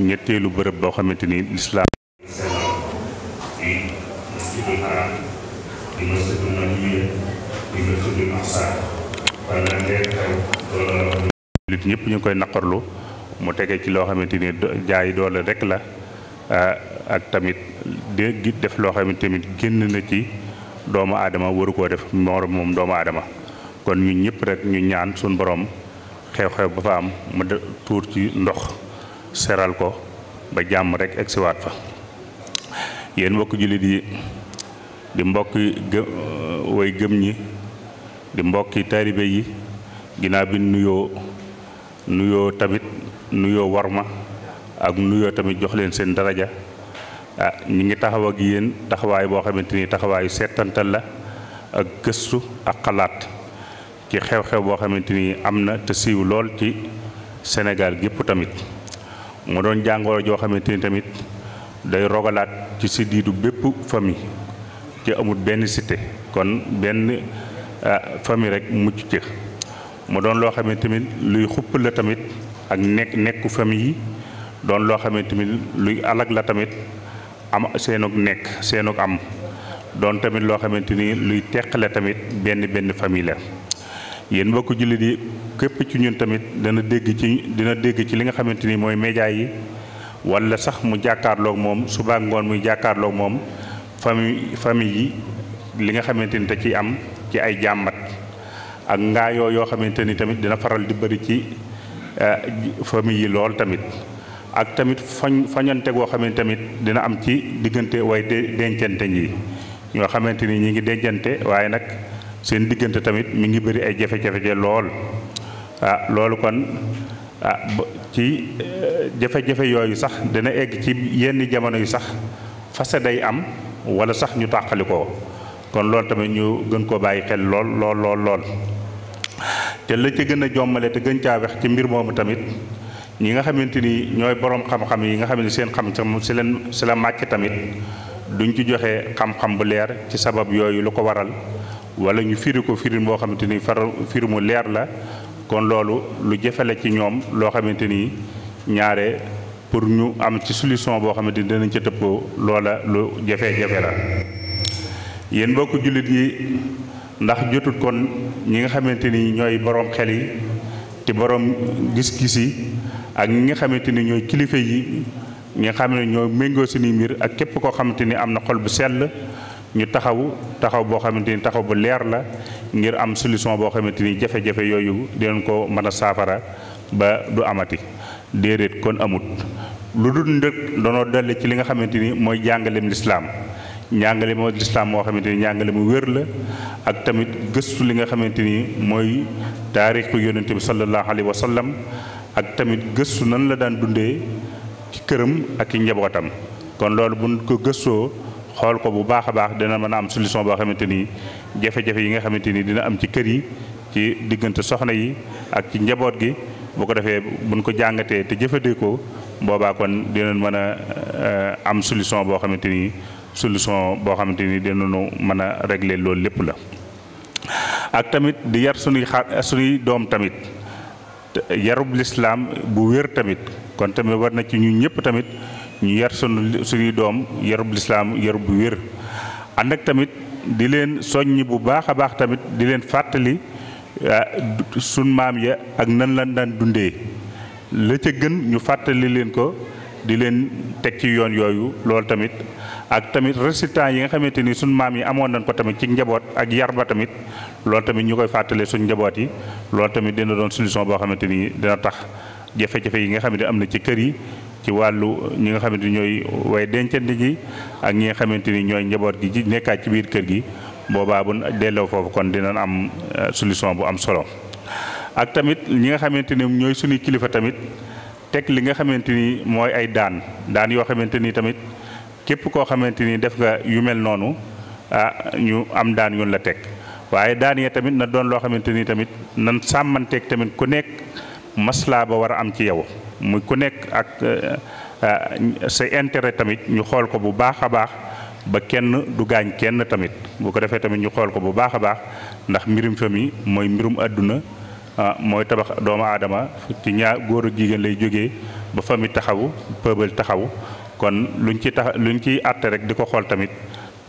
ñetteelu bërëb boo xamante ni lislaam ñëpp ñu koy naqarlu mu tege ci loo xamante ni jaay doole rek la ah, ak tamit dégg def loo xamante ni génn na ci doomu aadama waru koo def morom moom doomu aadama kon ñun ñëpp rek ñu ñaan suñu boroom xew-xew ba fa am mu tuur ci ndox seral ko ba jàmm rek egsiwaat fa yéen mbokk jullit yi di mbokk gë uh, gëm ñi di mbokki taalibe yi ginnaaw bi nuyoo nuyoo tamit nuyoo ma ak nuyoo tamit jox leen seen daraja ah ñu ngi taxaw ak yéen taxawaay boo xamante ni taxawaayu seetantal la ak gëstu ak xalaat ci xew-xew boo xamante ni am na te siiw lool ci senegal gépp tamit mu doon jàngoro joo xamante ni tamit day rogalaat ci siddiitu bépp famille ci amut benn cité kon benn ah, famille rek mucc ci mu doon loo xamante tamit luy xupp tamit ak nekku famille yi doon loo xamante tamit luy alag la tamit am seenug nekk seenug am doon tamit loo xamante ni luy teqale tamit benn benn famille la yéen mbokku jullit yi kep ci ñun tamit dana dégg ci dina dégg ci li nga xamanteni moy média yi wala sax mu jàkkaarloog mom suba ngoon muy jàkkaarloog mom famille famille yi li nga xamanteni ci am ci ay jammat ak nga yo yo xamanteni tamit dina faral di bari ci eh, famille yi lool tamit ak tamit fañ fañante goo xamante tamit dina am ci digënté way dencante ñi ño xamanteni ñi ngi dencante waye nak seen digënté tamit mi ngi bari ay jafé jafé lool ah loolu kon ah ci eh, jafe-jafe yooyu sax dina egg ci yenn jamono yu sax fase day am wala sax ñu tàqali ko kon loolu tamit ñu gën koo bàyyi xel lool lool lool te la ci gën a jommale te gën caa wex ci mbir moomu tamit ñi nga xamante ni ñooy boroom xam-xam yi nga xam ne seen xam si leen si la màcc tamit duñ ci joxe xam-xam bu leer ci sabab yooyu lu ko waral wala ñu firi ko firin boo xamante ni faru firi mu leer la kon loolu lu jafe la ci ñoom loo xamante ni ñaare pour ñu am ci solution boo xamante ni danañ ca tëppoo loola lu jafe-jafe la yéen mbokk jullit yi ndax jotut kon ñi nga xamante ni ñooy borom xel yi te borom gis-gis yi ak ñi nga xamante ni ñooy kilifa yi ñi nga xam ne ñoo méngoo suñuy mbir ak képp koo xamante ni am na xol bu sell ñu taxaw taxaw boo xamante ni taxaw bu leer la ngir am solution boo xamante ni jafe-jafe yooyu dinañ ko mën a saafara ba du amati déedéet kon amut lu dul ndëkk danoo dell ci li nga xamante ni mooy jàngaleem lislaam njàngale moo lislaam moo xamante ni njàngale mu wér la ak tamit gëstu li nga xamante ni mooy taarixu yonente bi sallallahu alayhi wa sallam ak tamit gëstu nan la daan dundee ci këram ak i njabootam kon loolu buñ ko gëstoo xool ko bu baax a baax dina mën a am solution boo xamante ni jafé jafe yi nga xamanteni dina am ci kër yi ci digënté soxna yi ak ci njaboot gi bu ko défé buñ ko jàngatee dé ko boba kon dinañ mëna eh, am solution bo xamanteni solution bo xamanteni ni dinañu mëna régler lool lépp la. ak tamit di yar suñu suñu doom tamit yarub l'islam bu wër tamit kon tamit war na ci ñu ñëpp tamit ñu yar sunu suñu doom yarub l'islam yarub wër wér ak tamit. di leen soññ bu baax a baax tamit di leen fàttali ah, suñ maam ya ak nan lan daan dundee la ca gën ñu fàttali leen ko di leen teg ci yoon yooyu loolu tamit ak tamit résultats yi nga xamante ni suñ maam yi amoon nañ ko tamit ci njaboot ak yar ba tamit loolu tamit ñu koy fàttalee suñ njaboot yi loolu tamit dina doon solution boo xamante ni dina tax jafe-jafe yi nga xamante am na ci kër yi ci wàllu ñi nga xamante ni ñooy way dencante ji ak ñi nga xamante ni ñooy njaboot gi ci nekkaat ci biir kër gi boobaa bu delloo foofu kon dinañ am euh, solution bu am solo ak tamit ñi nga xamante ni ñooy suñu kilifa tamit teg li nga xamante ni mooy ay daan daan yoo xamante ni tamit képp koo xamante ni def nga yu mel noonu ah ñu am daan yoon la teg waaye daan ya tamit na doon loo xamante ni tamit nan sàmmanteeg tamit ku nekk maslaa ba war a am ci yow mu ku nekk ak euh, euh, sa intérêt tamit ñu xool ko bu baax a baax ba kenn du gaañ kenn tamit bu ko defee tamit ñu xool ko bu baax a baax ndax mbirum famille mooy mbirum àdduna ah, mooy tabax doomu aadama ci ñaar góor ak jigéen lay jógee ba famille taxawu peuple taxawu kon luñ ci tax luñ ciy àtte rek di ko xool tamit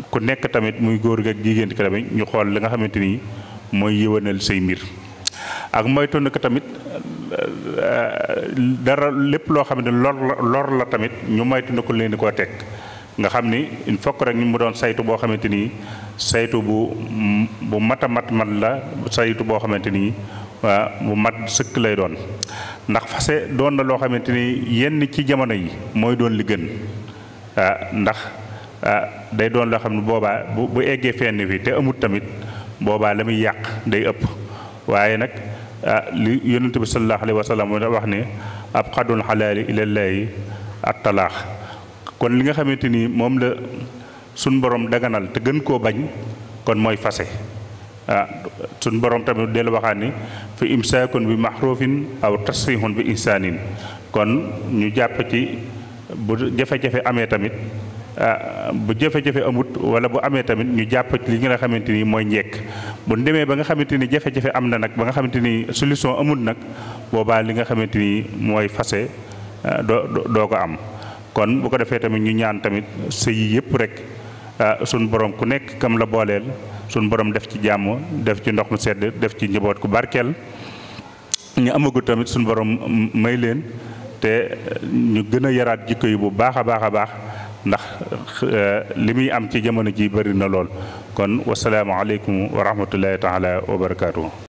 ku nekk tamit muy góor ak jigéen ki tamit ñu xool li nga xamante ni mooy yëwanal say mbir ak moytu ko tamit dara lépp loo xam ne lor la lor la tamit ñu moytu na ko leen di koo teg nga xam ni il faut rek ñu mu doon saytu boo xamante ni saytu bu bu mat a mat mat la saytu boo xamante ni waa bu mat sëkk lay doon ndax fase doon na loo xamante ni yenn ci jamono yi mooy doon li ndax day doon loo xam ne boobaa bu bu eggee fenn fi te amut tamit boobaa la muy yàq day ëpp waaye nag Ah, li yonent bi sallallahu alayhi wa sallam wax ne ab xadul xalaali ilallaahi at talaax kon li nga xamante ni moom la suñ borom daganal te gën koo bañ kon mooy fase ah suñ borom tamit dellu waxaat ni fi bi maxruufin aw tas tasrihun bi insaanin kon ñu jàpp ci bu jafe-jafe amee tamit bu jafe-jafe amut wala bu amé tamit ñu japp ci li nga xamanteni moy ñek bu ñu ba nga xamanteni ni jafe-jafe am na ba nga xamanteni solution amut nak boba li nga xamanteni moy fassé ah, do do ko am kon bu ko défé tamit ñu ñaan tamit sey yépp rek ah, suñ borom ku nekk kam la booleel suñ borom def ci jamm def ci ndox mu sedd def ci njibot ku barkel ñu amagu tamit borom may leen te ñu gëna yaraat jikko yu bu baaxa baaxa ndax limi am ci jamono ji bari na lool kon alaykum wa rahmatullahi taala wa barakatuh